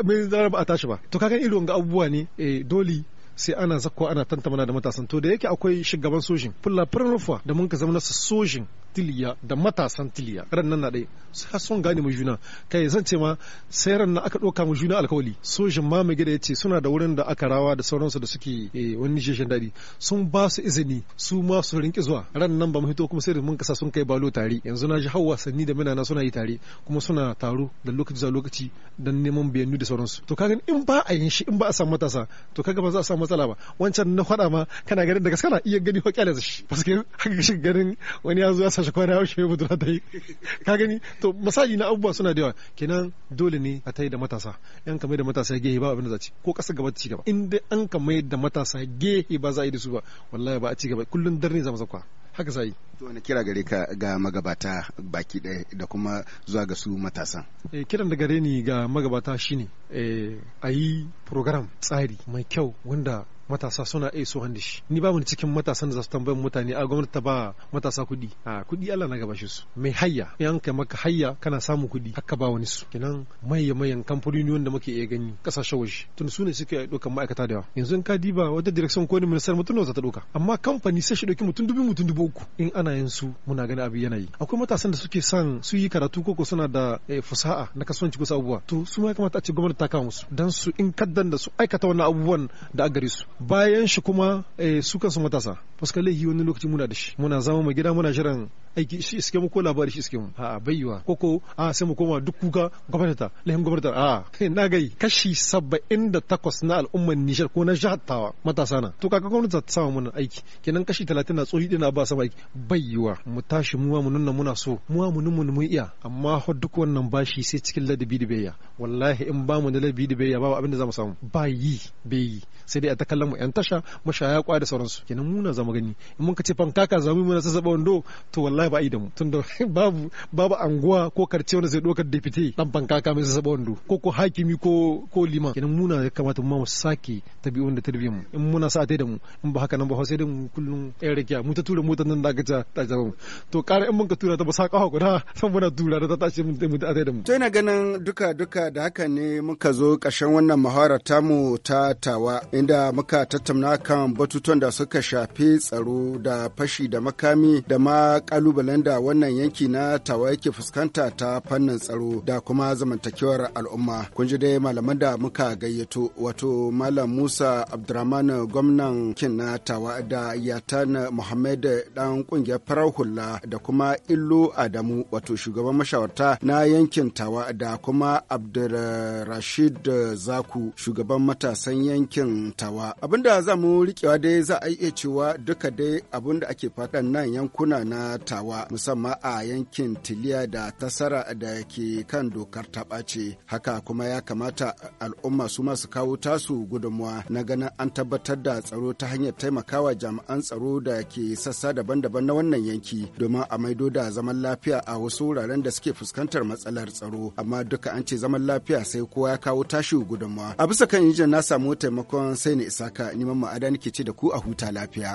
mai zara ba a tashi ba to ka gani irin ga abubuwa ne eh, doli sai ana zakko ana tantamana da matasan to da yake akwai shugaban sojin fulla furan rufa da mun ka zama nasa sojin tiliya da matasan tiliya ran nan na ɗaya suka son gane mu juna kai zan ce ma sai ran na aka ɗauka mu juna alkawali sojin ma mai gida ya ce suna da wurin da aka rawa da sauransu da suke eh, wani sheshen daɗi sun ba su izini su ma su rinki zuwa ran nan ba mu hito kuma sai da mun kasa sun kai balo tare yanzu na ji hawa wasanni da minana suna yi tare kuma suna taro da lokaci zuwa lokaci don neman bayanu da sauransu to kaga in ba a yin shi in ba a samu matasa to kaga ba za a samu matsala ba wancan na faɗa ma kana ganin da gaskana iya gani ko kyale shi paske haka shi ganin wani ya zo ya shi kwana ya wuce budura ta yi ka gani to misali na abubuwa suna da yawa kenan dole ne a tayi da matasa yan kamar da matasa gehe ba abin da za ci ko kasa gaba ta ci gaba in dai an kamar da matasa gehe ba za a yi da su ba wallahi ba a ci gaba kullum dare za mu zakwa haka sai to wani kira gare ka ga magabata baki ɗaya da kuma zuwa ga su matasan eh kiran da gare ni ga magabata shine eh a yi program tsari mai kyau wanda matasa suna iya so da shi ni babu cikin matasan da za su mutane a gwamnati ta ba matasa kuɗi a kuɗi Allah na gaba shi su mai hayya in kai maka hayya kana samun kuɗi haka ba wani su kenan maye mayan kamfanoni wanda muke iya gani kasashen waje tun su ne suke ɗaukar ma'aikata da yawa yanzu in ka diba wata direction ko ni minister mutum za ta ɗauka amma kamfani sai shi ɗauki mutum dubu mutum dubu uku in ana yin su muna gani abin yana yi akwai matasan da suke son su yi karatu ko suna da eh, fusa'a na kasuwanci kusa abubuwa to su ma ya kamata a ce gwamnati ta kawo musu dan su in kaddan da su aikata wannan abubuwan da a gare su bayan shi kuma suka eh, su matasa paska laihi wani lokaci muna da shi muna zama mai gida muna jiran aiki shi iske mu ko labari shi iske mu a bayyuwa ko ko a sai mu koma duk kuka gwamnati ta lahin gwamnati a na gai kashi takwas na al'ummar Nijar ko na jihar matasa na to kaka gwamnati ta samu mun aiki kenan kashi talatin na tsohi dina ba sama aiki bayyuwa mu tashi mu mu nuna muna so mu mu nuna iya amma ha duk wannan bashi sai cikin ladabi da bayya wallahi in ba mu da ladabi da bayya babu abin da mu samu Bayi yi bai yi sai dai a ta mu yan tasha mashaya kwa da sauransu kenan muna zama gani in mun ka ce fankaka zamu muna sasaba wando to wallahi wallahi ba mu tunda babu babu anguwa ko karce wanda zai dokar da fite dan bankaka mai saba wando ko ko hakimi ko ko liman kenan muna ya kamata mu ma sake tabi'un da tarbiyyar mu in muna sa da mu in ba haka nan ba sai da mu kullun ɗan rakiya mu ta tura motar nan da aka ta ta mu to kare in mun ka tura ta ba sa kawo guda san muna tura da ta tashi ta da mu to ina ganin duka duka da haka ne muka zo ƙarshen wannan muhawara mu ta tawa inda muka tattauna kan batutuwan da suka shafi tsaro da fashi da makami da ma kalubale kalubalen da wannan yanki na tawa yake fuskanta ta fannin tsaro da kuma zamantakewar al'umma kun ji dai malaman da muka gayyato wato malam musa abdurrahman gwamnan kin na tawa da yatan muhammad dan kungiyar farar hula da kuma illu adamu wato shugaban mashawarta na yankin tawa da kuma abdulrashid zaku shugaban matasan yankin tawa abinda za mu rikewa dai za a iya cewa duka dai abinda ake faɗan nan yankuna na tawa tawa musamman a yankin tiliya da tasara da ke kan dokar ta ɓace haka kuma ya kamata al'umma su masu kawo tasu gudunmawa na ganin an tabbatar da tsaro ta hanyar taimakawa jami'an tsaro da ke sassa daban-daban na wannan yanki domin a maido da zaman lafiya a wasu wuraren da suke fuskantar matsalar tsaro amma duka an ce zaman lafiya sai kowa ya kawo tashi gudunmawa a bisa kan injin na samu taimakon sai ne isaka neman ma'ada nake ce da ku a huta lafiya.